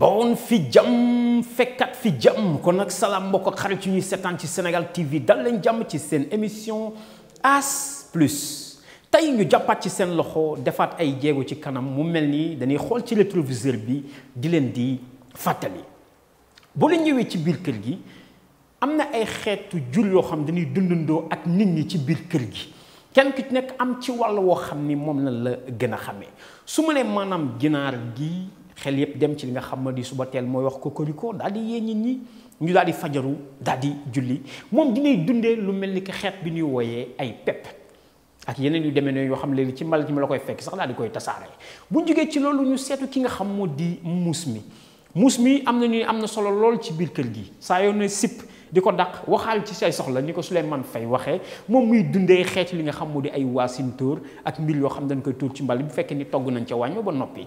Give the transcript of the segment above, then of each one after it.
bon fi jàmm fekkat fi jàmm kon nag salaam mbokk ak xarit yu ñuy seetaan ci Sénégal TV dal leen jàmm ci seen émission As Plus tey ñu jàppaat ci seen loxo defaat ay jéego ci kanam mu mel nii dañuy xool ci rétroviseur bi di leen di fàttali boo leen ñëwee ci biir kër gi am na ay xeetu jur yoo xam dañuy dundandoo ak nit ñi ci biir kër gi kenn ku nekk am ci wàll woo xam ni moom la la gën a xamee su ma nee maanaam ginaar gi. xel yëpp dem ci li nga xam ne di suba teel mooy wax kokoriko daal di yee nit ñi ñu daal di fajaru daal di julli moom dinay dundee lu mel ni que xeet bi ñuy wooyee ay pepp ak yeneen yu demee ne yoo xam léegi ci mbal ci ma la koy fekk sax di koy tasaare bu jógee ci loolu seetu ki nga xam moo di muus mi muus mi am na am na solo lool ci biir kër gi saa yoon ne sipp di ko daq waxaal ci say soxla ni ko Souleymane Faye waxee moom muy dundee xeet li nga xam moo di ay waasintóor ak mbir yoo xam dañ koy tuur ci mbal bu fekkee ni togg nañ ca wàñño ba noppi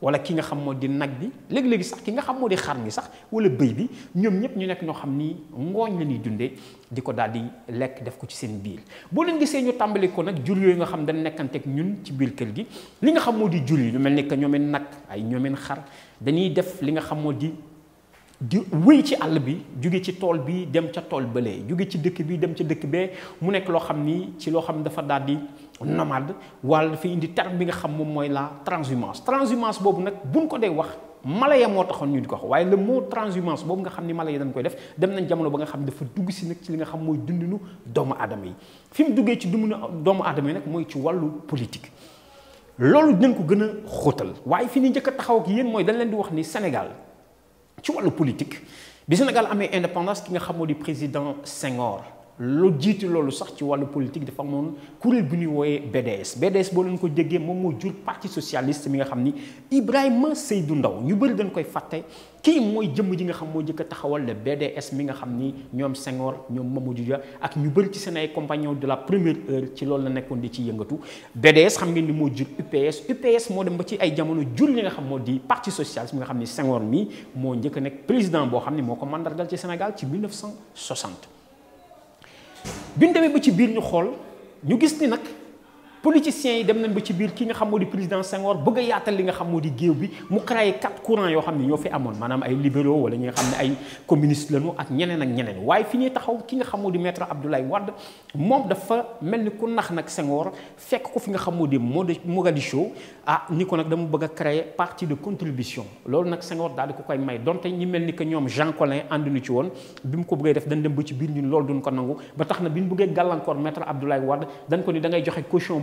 wala ki nga xam moo di nag bi léeg léegi sax ki nga xam moo di xar mi sax wala bëy bi ñoom ñëpp ñu nekk ñoo xam ni ngooñ la ñuy dundee di ko daal di lekk def ko ci seen biir boo leen gisee ñu tàmbali ko nag jur yooyu nga xam dañ nekkanteeg ñun ci biir kër gi li nga xam moo di jur yi lu mel ni que ñoomeen nag ay ñoomeen xar dañuy def li nga xam moo di di wéy ci àll bi jóge ci tool bi dem ca tool bële jóge ci dëkk bi dem ca dëkk bee mu nekk loo xam ni ci loo xam ne dafa daal di nomade wala dafay indi terme bi nga xam moom mooy la transhumance transhumance boobu nag buñ ko dee wax mala ya moo taxoon ñu di ko wax waaye le mot transhumance boobu nga xam ni mala ya dañ koy def dem nañ jamono ba nga xam ne dafa dugg si nag ci li nga xam mooy dundunu doomu aadama yi fi mu duggee ci dundinu doomu aadama yi nag mooy ci wàllu politique loolu dinañ ko gën a xóotal waaye fi ni njëkk a taxaw ak yéen mooy dañ leen di wax ni Sénégal vois le politique le Sénégal a indépendance qui est le le président Senghor lu jiitu loolu sax ci wàllu politique dafa amoon kuréel bu ñuy wooyee BDS BDS boo leen ko jéggee moom moo jur parti socialiste mi nga xamni Ibrahim Ibrahima Seydou Ndaw ñu bëri dañ koy faté ki moy jëm ji nga xam mo jëk taxawal le BDS mi nga xamni ñom Senghor ñom Mamadou Dia ak ñu bëri ci seen ay compagnons de la première heure ci loolu la nekkoon di ci yëngatu BDS xam ngeen ni mo jur UPS UPS moo dem ba ci ay jamono jur li nga xam mo di parti socialiste mi nga xamni Senghor mi mo jëk nek président bo xamni moko mandargal ci Sénégal ci 1960. bi demee ba ci biir ñu xool ñu gis ni nag politiciens yi dem nañ ba ci biir ki nga xam moo di président Senghor bëgg a yaatal li nga xam moo di géew bi mu créé quatre courants yoo xam ne ñoo fi amoon maanaam ay libéraux wala ñi nga xam ne ay communistes lañu ak ñeneen ak ñeneen waaye fi ñuy taxaw ki nga xam moo di maître Abdoulaye Wade moom dafa mel ni ku nax nag Senghor fekk ko fi nga xam moo di Mogadiscio ah ni ko nag dama bëgg a créé parti de contribution loolu nag Senghor daal di ko koy may donte ñi mel ni que ñoom Jean Collin ànduñu ci woon bi mu ko bëggee def dañ dem ba ci biir ñun loolu duñ ko nangu ba tax na bi ñu bëggee gàllankoor maître Abdoulaye Wade dañ ko ni da ngay joxe caution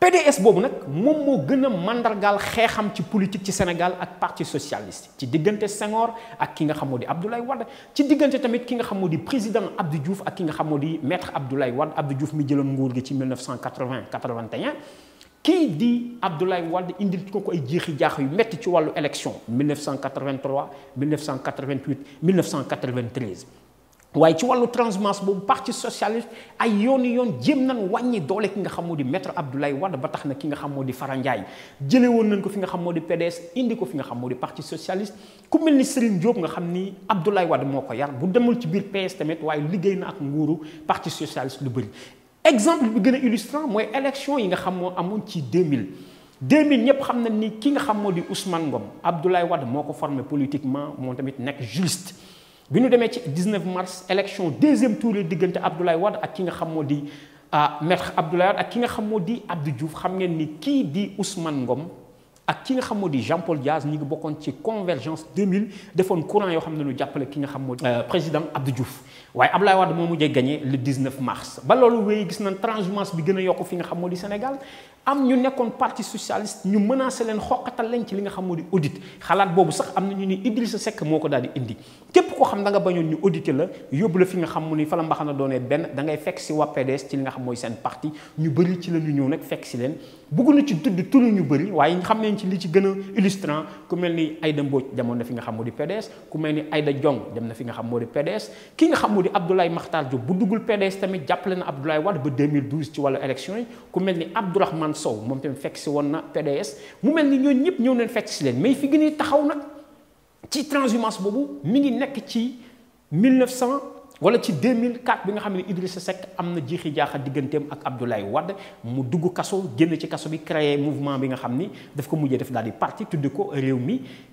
PDS boobu nag moom moo gën a mandargaal xeexam ci politique ci Sénégal ak parti socialiste ci diggante Senghor ak ki nga xam moo di Abdoulaye Wade ci diggante tamit ki nga xam moo di président Abdou Diouf ak ki nga xam moo di maître Abdoulaye Wade Abdou Diouf mi jëloon nguur gi ci 1980 81 kii di Abdoulaye Wade indil ko ko ay jeexi jaax yu métti ci wàllu élection 1983 1988 1993 waaye ci wàllu transhumance boobu parti socialiste ay yoon yoon jéem nañ wàññi doole ki nga xam moo di maître Abdoulaye Wade ba tax na ki nga xam moo di Fara Ndiaye woon nañ ko fi nga xam moo di PDS indi ko fi nga xam moo di parti socialiste ku mel ni Serigne Diop nga xam ni Abdoulaye Wade moo ko yar bu demul ci biir PS tamit waaye liggéey na ak nguuru parti socialiste lu bëri. exemple bi gën a illustrant mooy élection yi nga xam moo amoon ci 2000. 2000 ñëpp xam na ni ki nga xam moo di Ousmane Ngom Abdoulaye Wade moo ko formé politiquement moom tamit nekk juriste bi ñu demee ci 19 mars élection deuxième tour la diggante Abdoulaye Wade ak ki nga xam moo di euh, maître Abdoulaye Wade ak ki nga xam moo di Abdou Diouf xam ngeen ni kii di Ousmane Ngom ak ki nga xam moo di Jean Paul Diaz ñi ngi bokkoon ci convergence 2000 defoon courant yoo xam ne ñu jàppale ki nga xam moo di euh, président Abdou Diouf waaye Abdoulaye Wade moo mujjee gagné le 19 mars ba loolu wéy gis nañ transhumance bi gën a fi nga xam moo di Sénégal am ñu nekkoon parti socialiste ñu menacé leen xoqatal leen ci li nga xam moo di audit xalaat boobu sax am na ñu ni Idrissa Seck moo ko daal di indi képp ko xam da nga bañu ñu auditer la yóbbu la fi nga xam mu ni fa la mbaxana doone ben da ngay fek ci waa PDS ci li nga xam moy sen parti ñu bari ci la ñu ñëw nag fekk si leen bëgguñu ci tudd tunu ñu bëri waaye xam nañ ci li ci gëna illustrant ku melni ni Aïda Mbodj na fi nga xam modi PDS ku melni ni Aïda Diong dem na fi nga xam modi PDS ki nga xam modi Abdoulaye Makhtar jo bu duggul PDS tamit jàppale na Abdoulaye Wade ba 2012 ci walu election ku melni ni Abdourahmane Sow mom tamit fek ci woon na PDS mu melni ni ñep ñew ñëw nañ fekk si leen mais fi gëni taxaw nak ci transhumance boobu mi ngi ci 1900 wala ci 2004 bi nga xamni Idrissa Seck amna na jaxa jaaxa ak Abdoulaye Wade mu dugg kasso genn ci kasso bi créer mouvement bi nga xamni daf ko mujjé def dal di parti tudde ko réew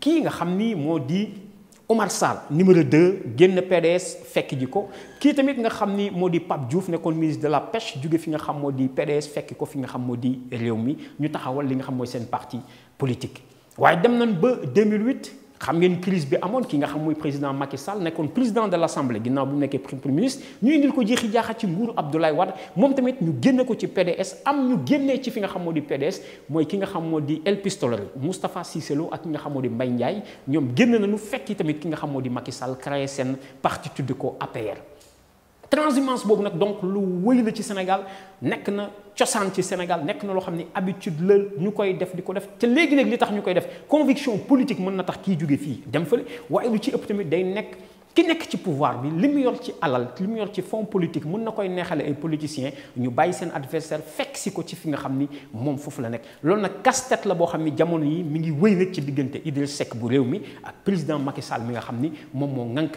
ki nga xamni ni di Omar Sall numéro 2 genn PDS fekk jiko ki tamit nga xamni modi Pape Diouf nekkoon ministre de la pêche jóge fi nga xam modi PDS fekk ko fi nga xam modi di ñu taxawal li nga xam moy sen parti politique waye dem nañ ba 2008 xam ngeen crise bi amoon ki nga xam mooy président Macky Sall nekkoon président de l'Assemblée, assemblée ginnaaw bu mu nekkee premier ministre ñu indil ko jeexi jaaxa ci nguuru Abdoulaye Wade moom tamit ñu génne ko ci PDS am ñu génnee ci fi nga xam moo PDS mooy ki nga xam Moustapha ak ki nga xam moo Mbaye nañu fekki tamit ki nga xam Macky Sall parti APR transhumance bobu nak donc lu wëy la ci Sénégal nek na cosaan ci Sénégal nek na lo xamni habitude la ñukoy def diko def ci légui nag li tax ñukoy def conviction politique mën na tax ki jóge fi dem fële waaye lu ci ëpp tamit day nek ki nek ci pouvoir bi limu yor ci alal limu yor ci fond politique mën na koy neexale ay politiciens ñu bàyyi seen adversaire fekk si ko ci fi nga xamni mom fofu la nek lool nak casse-tête la bo xamni jamono yi mi ngi wéy nag ci digënté Idriss Seck bu réew mi ak président Macky Sall mi nga xamni mom mo ngank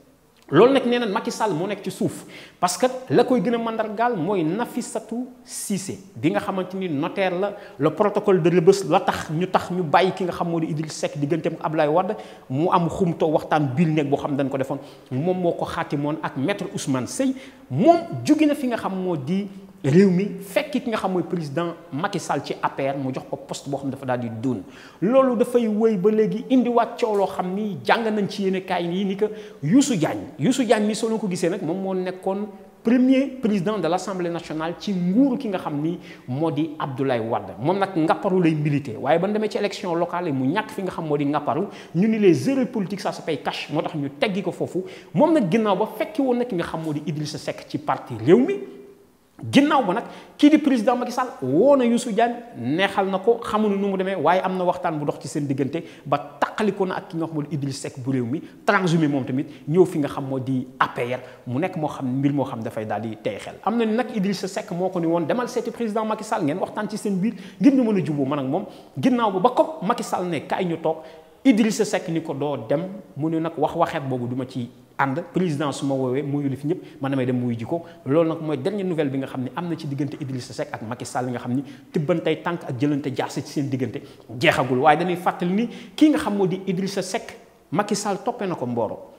loolu nag nee na Macky Sall moo nekk ci souf parce que la koy gëna a moy mooy Nafissatou Cissé bi nga xamante notaire la le protocole de Rebeuss la tax ñu tax ñu bayyi ki nga xam moo di Idriss Seck digganteem ak Abdoulaye Wade mu am xumto waxtaan bil nek bo xam dañ ko defoon mom moko ko ak maître Ousmane Seye mom jugina fi nga xam moo di réew mi fekk ki nga xam mooy président Macky Sall ci APR mu jox ko poste boo xam dafa daal di doon loolu dafay wëy ba léegi indiwaat coow loo xam ni jàng nañ ci yenn kaay yi ni que Youssou Diagne Youssou Diagne mi soo ko gisee nag moom moo nekkoon premier président de l' assemblée nationale ci nguuru ki nga xam ni moo di Abdoulaye Wade moom nag ngapparu lay milité waaye ba demee ci élection locale mu ñàkk fi nga xam moo di ñu ni les erreurs politiques ça se paye cash moo tax ñu teggi ko foofu moom nag ginnaaw ba fekki woon na ki nga xam moo di Idrissa Seck ci parti réew mi ginnaaw ba nag kii di président Macky Sall woo na Youssou Diagne neexal na ko xamuñu nu mu demee waaye am na waxtaan bu dox ci seen diggante ba taqaliko na ak ki nga xam mooy Idriss sekk bu réew mi transhumé moom tamit ñëw fi nga xam moo di APR mu nekk moo xam mbir moo xam dafay daal di tey xel am na ni nag Idriss sekk moo ko ni woon demal seeti président Macky Sall ngeen waxtaan ci seen biir ngir ñu mën a juboo man ak moom ginnaaw ba comme Macky Sall ne kaay ñu toog Idriss Seck ni ko doo dem mu ne nag wax waxeet boobu duma ci ànd président su ma woowee mu yulif ñëpp man damay dem muy ji ko loolu nag mooy dernière nouvelle bi nga xam ne am na ci diggante Idrissa Seck ak Macky Sall nga xam ni tibbantey tànk ak jëlante jaase ci seen diggante jeexagul waaye dañuy fàttali ni kii nga xam moo di Idrissa Seck Macky Sall toppee na ko mbooro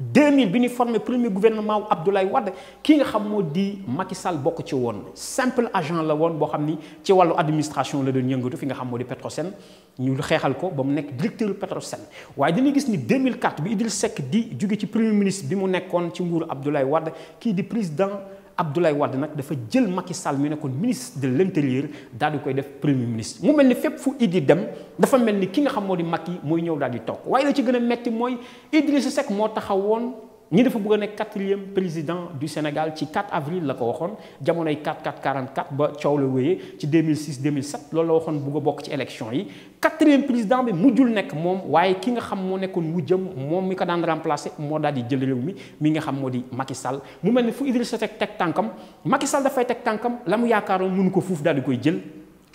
2000 bi formé premier gouvernement Abdoulaye Wade ki nga xam moo di Macky Sall bok ci won simple agent la won bo xamni ci walu administration la doon yëngatu fi nga xam moo di Petrosen ñu ko bam nek directeur Petrosen waaye dañuy gis ni 2004 bi Idriss Seck di jóge ci premier ministre bi mu nekkon ci nguur Abdoulaye Wade ki di président. Abdoulaye Wade nak dafa jël Macky Sall mi nekkoon ministre de l'Intérieur intérieur daal koy def premier ministre mu melni ni fu Idi dem dafa melni ki nga xam modi Macky moy ñew daal di tok waaye la ci gëna metti moy Idrissa Seck mo taxawoon nous dafa bëgg le 4 quatrième président du Sénégal ci 4 avril la ko 4 ba la ci 2006 2007 loolu la waxoon a ci élection quatrième président bi mujjul nekk moom waaye ki nga xam moo nekkoon wujjam remplacer di jël mi mi nga xam Macky Sall mu mel fu Idrissa Macky Sall la ko di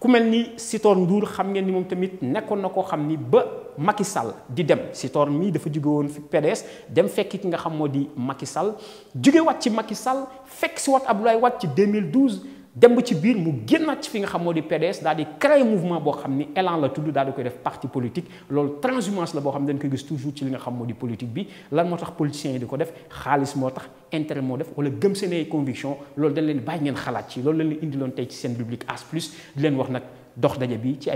ku mel ni Sitor Ndour xam ngeen ni moom tamit nekkoon na koo xam ni ba Macky sal di dem Sitor mii dafa jóge woon fi PDS dem fekk ki nga xam moo di Macky sal jóge wat ci Macky sal fekk si wat Abdoulaye wat ci 2012 dem ci biir mu génnaat ci fi nga xam mouvement boo xam élan la parti politique transhumance la xam toujours ci li nga xam moo politique bi politiciens yi di def xaalis moo intérêt moo def wala gëm seen conviction loolu dañ leen bàyyi ngeen xalaat ci loolu As Plus di wax dox bi ci